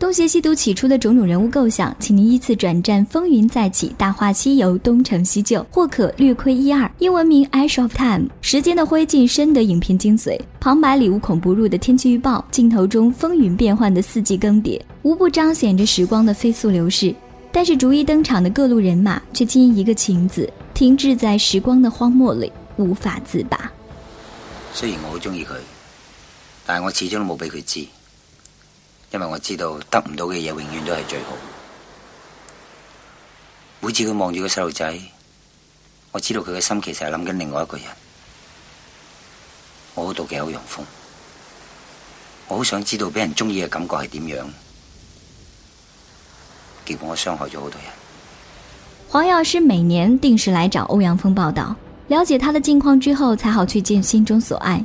東邪西毒起初的種種人物構想，請您依次轉戰《風雲再起》《大話西遊》東城西舊《東成西就》，或可略窺一二。英文名《Ash of Time》，時間的灰燼，深得影片精髓。旁白裏無孔不入的天氣預報，鏡頭中風雲變幻，變幻的四季更迭，無不彰顯着時光的飛速流逝。但是逐一登場的各路人馬，卻因一個情字，停滯在時光的荒漠裏，無法自拔。雖然我好中意佢，但我始終都冇俾佢知。因為我知道得唔到嘅嘢永遠都係最好。每次佢望住個細路仔，我知道佢嘅心其實係諗緊另外一個人。我好妒忌歐陽鋒，我好想知道俾人中意嘅感覺係點樣。結果我傷害咗好多人。黃藥師每年定時來找歐陽鋒報道，了解他的近況之後，才好去見心中所愛。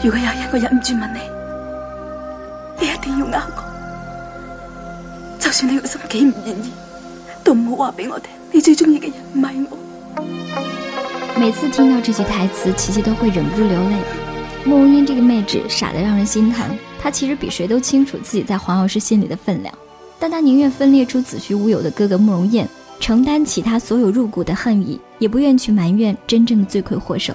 如果有一我忍唔住問你，你一定要呃我，就算你個心幾唔願意，都唔好話俾我聽，你最中意嘅人唔係我。每次聽到這句台詞，琪琪都會忍不住流淚。慕容嫣這個妹紙傻得讓人心疼，她其實比誰都清楚自己在黃藥師心裏的分量，但她寧願分裂出子虛烏有的哥哥慕容燕，承擔起她所有入骨的恨意，也不願去埋怨真正的罪魁禍首。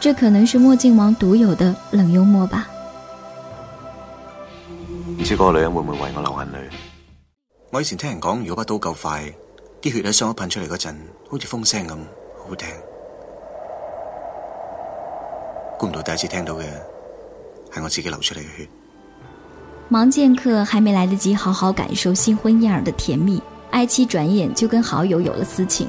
這可能是墨鏡王獨有的冷幽默吧。唔知嗰個女人會唔會為我流眼淚？我以前聽人講，如果把刀夠快，啲血喺傷口噴出嚟嗰陣，好似風聲咁，好好聽。估唔到第一次聽到嘅係我自己流出嚟嘅血。盲劍客還沒來得及好好感受新婚燕爾嘅甜蜜，愛妻轉眼就跟好友有了私情。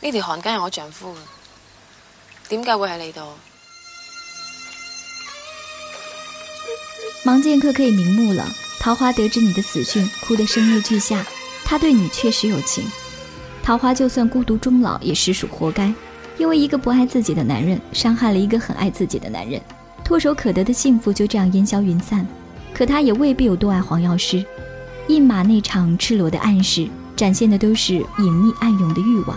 呢條汗巾係我丈夫嘅，點解會喺你度？盲劍客可以瞑目了。桃花得知你的死訊，哭得聲淚俱下。他對你確實有情，桃花就算孤獨終老，也實屬活該。因為一個不愛自己的男人，傷害了一個很愛自己的男人，唾手可得的幸福就這樣煙消雲散。可他也未必有多愛黃藥師。印馬那場赤裸的暗示，展現的都是隱秘暗湧的欲望。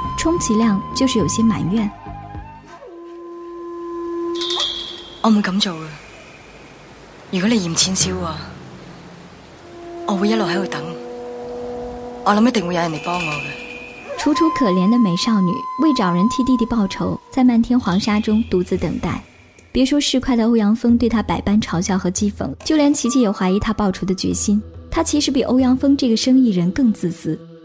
充其量就是有些埋怨。我唔會噉做嘅。如果你嫌錢少啊，我會一路喺度等。我諗一定會有人嚟幫我嘅。楚楚可憐的美少女為找人替弟弟報仇，在漫天黃沙中獨自等待。別說市儈的歐陽鋒對她百般嘲笑和譏諷，就連琪琪也懷疑她報仇的決心。她其實比歐陽鋒這個生意人更自私。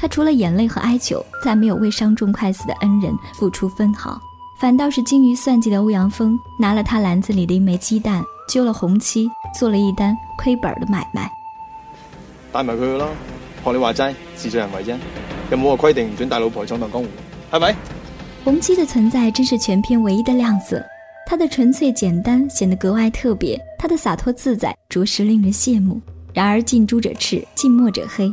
他除了眼淚和哀求，再沒有為傷重快死的恩人付出分毫，反倒是精於算計的歐陽鋒拿了他籃子裏的一枚雞蛋，揪了洪七，做了一單虧本的買賣。帶埋佢去咯，學你話齋，事在人為啫，又冇話規定唔准帶老婆闖蕩江湖，係咪？洪七的存在真是全片唯一的亮色，他的純粹簡單顯得格外特別，他的灑脫自在着實令人羨慕。然而近朱者赤，近墨者黑。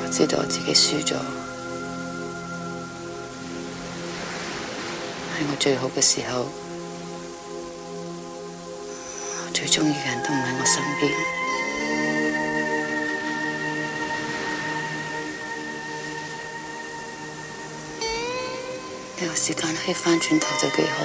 我知道我自己輸咗，喺我最好嘅時候，最中意嘅人都唔喺我身邊，有時間可以返轉頭就幾好。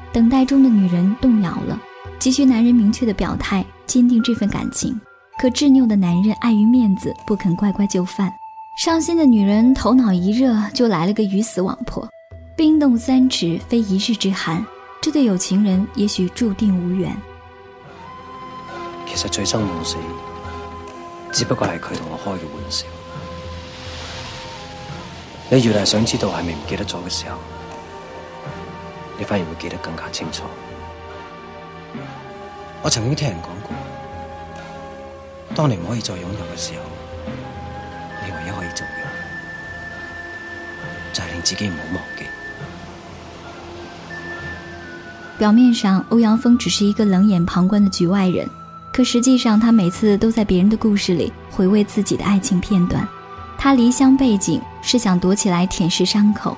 等待中的女人動搖了，急需男人明確的表態，堅定這份感情。可執拗的男人礙於面子，不肯乖乖就範。傷心的女人頭腦一熱，就來了個魚死網破。冰凍三尺，非一日之寒，這對有情人也許注定無緣。其實醉生夢死，只不過係佢同我開嘅玩笑。你越係想知道係咪唔記得咗嘅時候。你反而會記得更加清楚。我曾經聽人講過，當你唔可以再擁有嘅時候，你唯一可以做嘅就係、是、令自己唔好忘記。表面上，歐陽鋒只是一個冷眼旁觀的局外人，可實際上，他每次都在別人的故事裏回味自己的愛情片段。他離鄉背井，是想躲起來舔舐傷口。